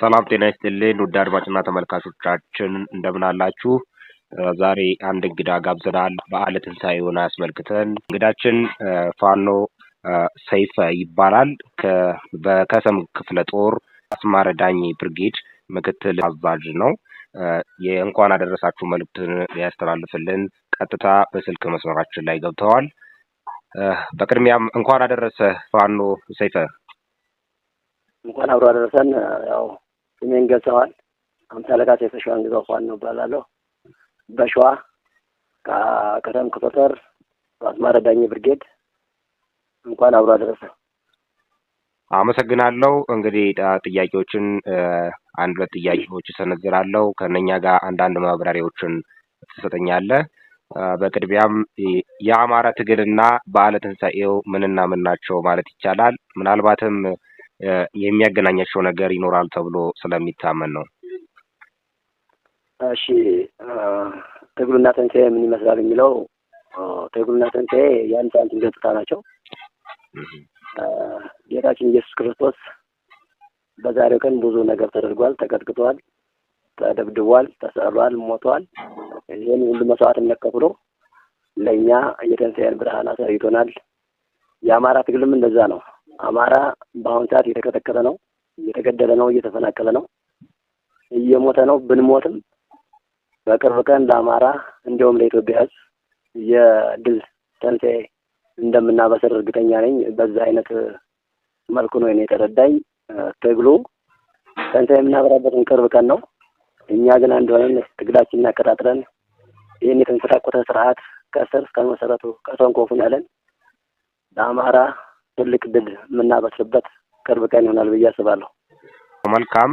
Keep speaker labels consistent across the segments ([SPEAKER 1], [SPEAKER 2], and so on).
[SPEAKER 1] ሰላም ጤና ይስጥልኝ ውድ አድማጭና ተመልካቾቻችን እንደምን አላችሁ? ዛሬ አንድ እንግዳ ጋብዘናል። በዓለ ትንሣኤውን አስመልክተን እንግዳችን ፋኖ ሰይፈ ይባላል። በከሰም ክፍለ ጦር አስማረ ዳኝ ብርጌድ ምክትል አዛዥ ነው። የእንኳን አደረሳችሁ መልእክትን ሊያስተላልፍልን ቀጥታ በስልክ መስመራችን ላይ ገብተዋል። በቅድሚያም እንኳን አደረሰ ፋኖ ሰይፈ።
[SPEAKER 2] እንኳን አብሮ አደረሰን። ያው ስሜን ገጸዋል አምሳ አለቃ ሰይፈ ሸዋንግዛው ፋኖ እባላለሁ። በሸዋ ከቀደም ክፍለ ጦር ዳኝ ብርጌድ እንኳን አብሮ አደረሰ።
[SPEAKER 1] አመሰግናለሁ። እንግዲህ ጥያቄዎችን አንድ ሁለት ጥያቄዎች እሰነዝራለሁ። ከእነኛ ጋር አንዳንድ ማብራሪያዎችን ትሰጠኛለህ። በቅድሚያም የአማራ ትግልና በዓለ ትንሣኤው ምንና ምን ናቸው ማለት ይቻላል? ምናልባትም የሚያገናኛቸው ነገር ይኖራል ተብሎ ስለሚታመን ነው።
[SPEAKER 2] እሺ ትግሉና ትንሣኤ ምን ይመስላል የሚለው ትግሉና ትንሣኤ የአንድ ሳንቲም ገጽታ ናቸው። ጌታችን ኢየሱስ ክርስቶስ በዛሬው ቀን ብዙ ነገር ተደርጓል፣ ተቀጥቅጧል፣ ተደብድቧል፣ ተሰሯል፣ ሞቷል። ይህን ሁሉ መስዋዕትነት ከፍሎ ለእኛ የትንሣኤን ብርሃን አሳይቶናል። የአማራ ትግልም እንደዛ ነው። አማራ በአሁን ሰዓት እየተቀጠቀጠ ነው፣ እየተገደለ ነው፣ እየተፈናቀለ ነው፣ እየሞተ ነው። ብንሞትም በቅርብ ቀን ለአማራ እንዲሁም ለኢትዮጵያ ሕዝብ የድል ተንሳኤ እንደምናበስር እርግጠኛ ነኝ። በዛ አይነት መልኩ ነው እኔ የተረዳኝ። ትግሉ ተንሳኤ የምናበራበትን ቅርብ ቀን ነው። እኛ ግን አንድ ሆነን ትግላችንን አቀጣጥለን ይህን የተንኮታኮተ ስርዓት ከስር እስከ መሰረቱ ቀሰንኮፉን ያለን ለአማራ ትልቅ ድል የምናበስበት ቅርብ ቀን ይሆናል ብዬ አስባለሁ።
[SPEAKER 1] መልካም።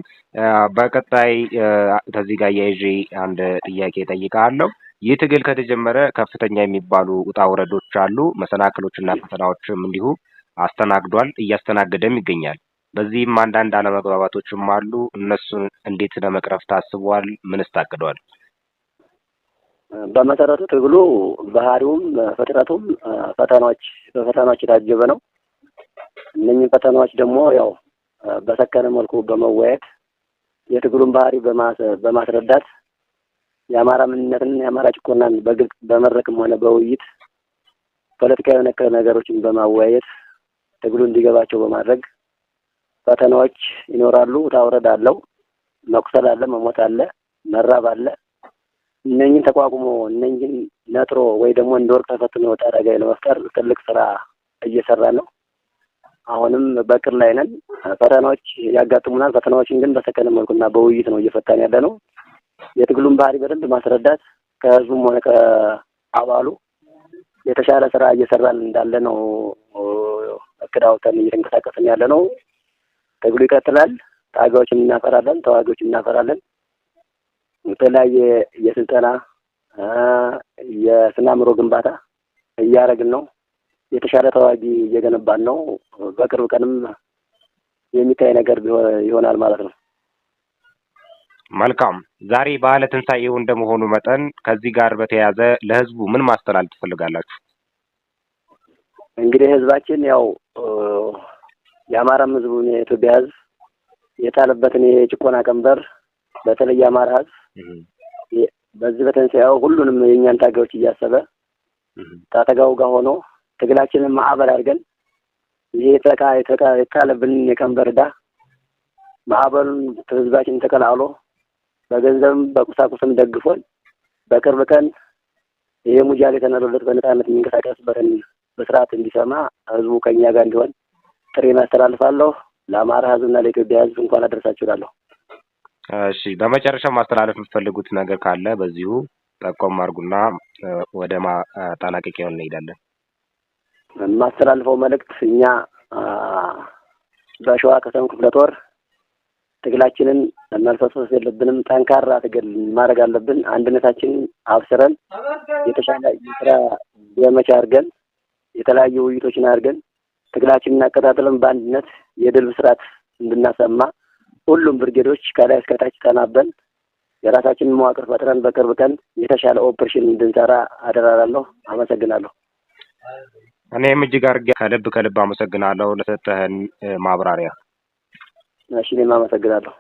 [SPEAKER 1] በቀጣይ ከዚህ ጋር የይዤ አንድ ጥያቄ ጠይቃለሁ። ይህ ትግል ከተጀመረ ከፍተኛ የሚባሉ ውጣ ውረዶች አሉ። መሰናክሎችና ፈተናዎችም እንዲሁ አስተናግዷል፣ እያስተናገደም ይገኛል። በዚህም አንዳንድ አለመግባባቶችም አሉ። እነሱን እንዴት ለመቅረፍ ታስቧል? ምንስ ታቅዷል?
[SPEAKER 2] በመሰረቱ ትግሉ ባህሪውም ፍጥረቱም ፈተናዎች በፈተናዎች የታጀበ ነው። እነኝህ ፈተናዎች ደግሞ ያው በሰከነ መልኩ በመወያየት የትግሉን ባህሪ በማስረዳት የአማራ ምንነትን የአማራ ጭቆናን በግልጽ በመድረክም ሆነ በውይይት ፖለቲካዊ ነክ ነገሮችን በማወያየት ትግሉ እንዲገባቸው በማድረግ ፈተናዎች ይኖራሉ። ታውረድ አለው፣ መቁሰል አለ፣ መሞት አለ፣ መራብ አለ። እነኝህን ተቋቁሞ እነኝን ነጥሮ ወይ ደግሞ እንደ ወርቅ ተፈትኖ ወጣ ታጋይ ለመፍጠር ትልቅ ስራ እየሰራ ነው። አሁንም በቅር ላይ ነን። ፈተናዎች ያጋጥሙናል። ፈተናዎችን ግን በሰከነ መልኩና በውይይት ነው እየፈታን ያለ ነው። የትግሉን ባህሪ በደንብ ማስረዳት ከህዝቡም ሆነ ከአባሉ የተሻለ ስራ እየሰራን እንዳለ ነው። እቅድ አውጥተን እየተንቀሳቀስን ያለ ነው። ትግሉ ይቀጥላል። ታጋዮችን እናፈራለን፣ ተዋጊዎችን እናፈራለን። የተለያየ የስልጠና የስነ አእምሮ ግንባታ እያደረግን ነው። የተሻለ ተዋጊ እየገነባን ነው። በቅርብ ቀንም የሚታይ ነገር ይሆናል ማለት ነው።
[SPEAKER 1] መልካም። ዛሬ በዓለ ትንሣኤው እንደመሆኑ መጠን ከዚህ ጋር በተያያዘ ለህዝቡ ምን ማስተላለፍ ትፈልጋላችሁ?
[SPEAKER 2] እንግዲህ ህዝባችን ያው የአማራም ህዝቡ የኢትዮጵያ ህዝብ የጣለበትን የጭቆና ቀንበር በተለይ የአማራ ህዝብ በዚህ በትንሣኤው ሁሉንም የእኛን ታጋዮች እያሰበ ታተጋው ጋር ሆኖ ትግላችንን ማዕበል አድርገን ይሄ የተጣለብንን የቀንበር ዕዳ ማዕበሉን ህዝባችን ተቀላቅሎ በገንዘብም በቁሳቁስም ደግፎን በቅርብ ቀን ይሄ ሙጃሌ የተናደለት በነፃነት የሚንቀሳቀስበትን በስርዓት እንዲሰማ ህዝቡ ከኛ ጋር እንዲሆን ጥሪ ማስተላልፋለሁ። ለአማራ ህዝብና ለኢትዮጵያ ህዝብ እንኳን አደረሳችሁ እላለሁ።
[SPEAKER 1] እሺ፣ በመጨረሻው ማስተላለፍ የምትፈልጉት ነገር ካለ በዚሁ ጠቆም አድርጉና ወደ ማጠናቀቂያውን እንሄዳለን።
[SPEAKER 2] የማስተላልፈው መልእክት እኛ በሸዋ ከሰም ክፍለ ጦር ትግላችንን መልፈስፈስ የለብንም። ጠንካራ ትግል ማድረግ አለብን። አንድነታችንን አብስረን የተሻለ የስራ ዘመቻ አድርገን የተለያዩ ውይይቶችን አድርገን ትግላችንን አቀጣጥለን በአንድነት የድል ብስራት እንድናሰማ ሁሉም ብርጌዶች ከላይ እስከታች ተናበን የራሳችንን መዋቅር ፈጥረን በቅርብ ቀን የተሻለ ኦፕሬሽን እንድንሰራ አደራላለሁ። አመሰግናለሁ።
[SPEAKER 1] እኔም እጅግ አድርጌ ከልብ ከልብ አመሰግናለሁ ለሰጠህን ማብራሪያ።
[SPEAKER 2] እሺ እኔም አመሰግናለሁ።